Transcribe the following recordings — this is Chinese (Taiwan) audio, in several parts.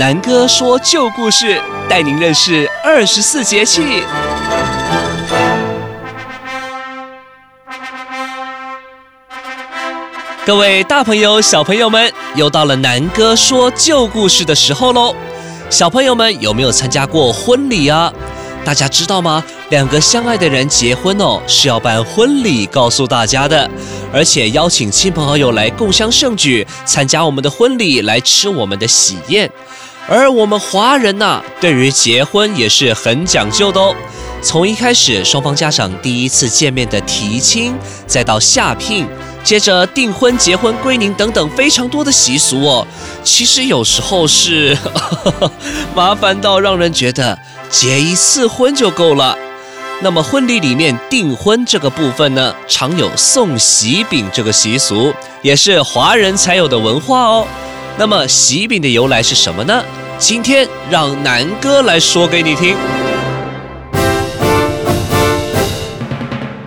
南哥說舊故事，帶您認識二十四節氣。各位大朋友、小朋友們，又到了南哥說舊故事的時候嘍！小朋友們有沒有參加過婚禮呀、啊？大家知道嗎？兩個相愛的人結婚哦，是要辦婚禮告訴大家的，而且邀請親朋好友來共襄盛舉，參加我們的婚禮，來吃我們的喜宴。而我們華人呢、啊，對於結婚也是很講究的哦。從一開始雙方家長第一次見面的提親，再到下聘，接着訂婚、結婚、歸寧等等非常多的習俗哦。其實有時候是呵呵麻煩到讓人覺得結一次婚就夠了。那麼婚禮裡面訂婚這個部分呢，常有送喜餅這個習俗，也是華人才有的文化哦。那麼，喜餅的由來是什麼呢？今天讓南哥來說給你聽。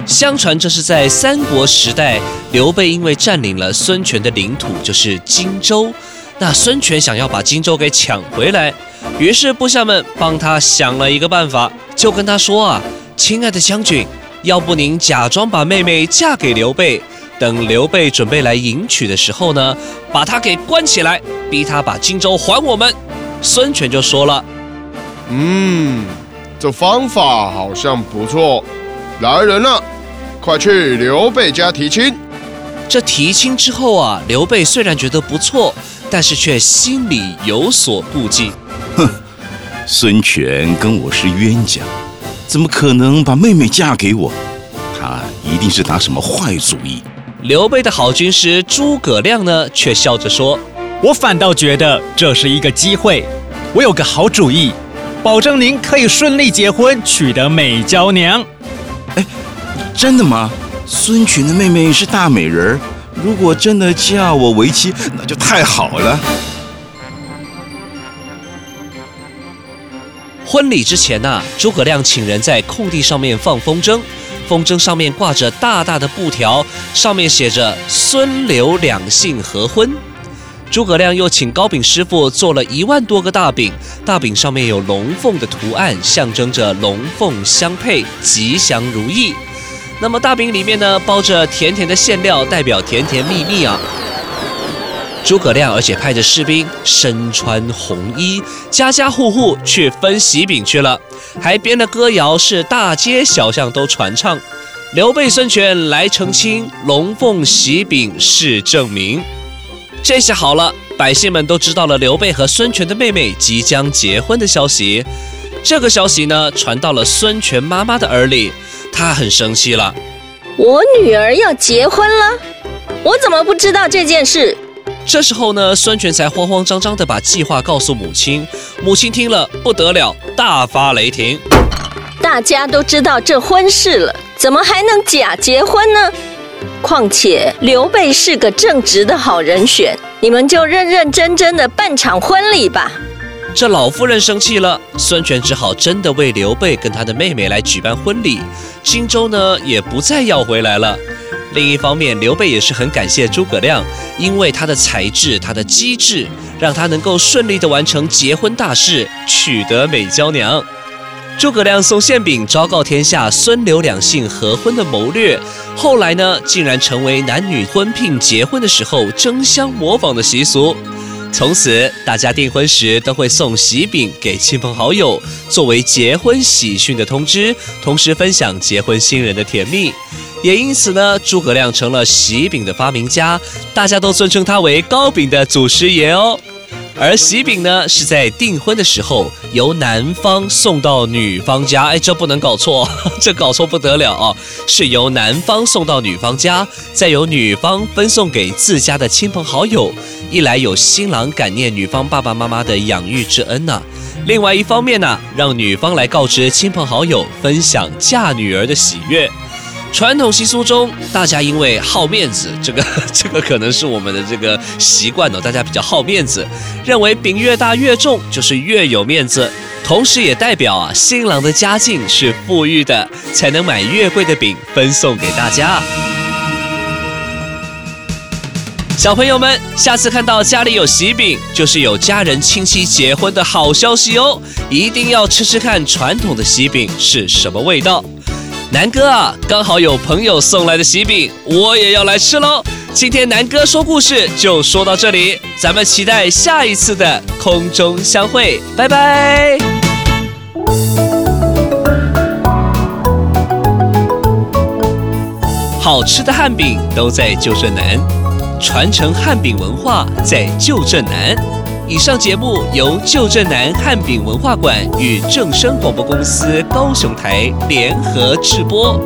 相傳這是在三國時代，劉備因為佔領了孫權的領土，就是荊州，那孫權想要把荊州給搶回來，於是部下們幫他想了一個辦法，就跟他說啊：“親愛的將軍，要不您假裝把妹妹嫁給劉備？”等劉備準備來迎娶的時候呢，把他給關起來，逼他把荊州還我們。孫權就說了：“嗯，這方法好像不錯。來人了，快去劉備家提親。”這提親之後啊，劉備雖然覺得不錯，但是卻心裡有所顧忌。哼，孫權跟我是冤家，怎麼可能把妹妹嫁給我？他一定是打什麼壞主意。劉備的好軍師諸葛亮呢，卻笑着說：“我反倒覺得這是一個機會。我有個好主意，保證您可以順利結婚，娶得美嬌娘。”哎，真的嗎？孫權的妹妹是大美人兒，如果真的嫁我為妻，那就太好了。婚禮之前呢、啊，諸葛亮請人在空地上面放風箏。風箏上面掛着大大的布條，上面寫着“孫劉兩姓合婚”。諸葛亮又請糕餅師傅做了一萬多個大餅，大餅上面有龍鳳的圖案，象徵着龍鳳相配，吉祥如意。那麼大餅裡面呢，包着甜甜的餡料，代表甜甜蜜蜜啊。諸葛亮，而且派着士兵身穿紅衣，家家戶戶去分喜餅去了，還編的歌謠，是大街小巷都傳唱。劉備、孫權來成親，龍鳳喜餅是證明。這下好了，百姓們都知道了劉備和孫權的妹妹即將結婚的消息。這個消息呢，傳到了孫權媽媽的耳裡，她很生氣了。我女兒要結婚了，我怎麼不知道這件事？這時候呢，孫權才慌慌張張地把計劃告訴母親。母親聽了不得了，大發雷霆：“大家都知道這婚事了，怎麼還能假結婚呢？況且劉備是個正直的好人選，你們就認認真真的辦場婚禮吧。”這老夫人生氣了，孫權只好真的為劉備跟他的妹妹來舉辦婚禮。荊州呢，也不再要回來了。另一方面，劉備也是很感謝諸葛亮，因為他的才智、他的機智，讓他能夠順利的完成結婚大事，娶得美嬌娘。諸葛亮送餡餅，昭告天下孫劉兩姓合婚的謀略，後來呢，竟然成為男女婚聘結婚的時候爭相模仿的習俗。從此，大家訂婚時都會送喜餅給親朋好友，作為結婚喜訊的通知，同時分享結婚新人的甜蜜。也因此呢，諸葛亮成了喜餅的發明家，大家都尊稱他為糕餅的祖師爺哦。而喜餅呢，是在訂婚的時候由男方送到女方家，哎，這不能搞錯，呵呵，這搞錯不得了啊！是由男方送到女方家，再由女方分送給自家的親朋好友。一來有新郎感念女方爸爸媽媽的養育之恩吶、啊，另外一方面呢、啊，讓女方來告知親朋好友，分享嫁女兒的喜悅。傳統習俗中，大家因為好面子，這個這個可能是我們的這個習慣哦。大家比較好面子，認為餅越大越重就是越有面子，同時也代表啊，新郎的家境是富裕的，才能買越貴的餅分送給大家。小朋友們，下次看到家裡有喜餅，就是有家人親戚結婚的好消息哦，一定要吃吃看傳統的喜餅是什麼味道。南哥，啊，剛好有朋友送來的喜餅，我也要來吃嘍。今天南哥說故事就說到這裡，咱們期待下一次的空中相會，拜拜。好吃的漢餅都在舊振南，傳承漢餅文化在舊振南。以上節目由舊振南漢餅文化館與正聲廣播公司高雄臺聯合制播。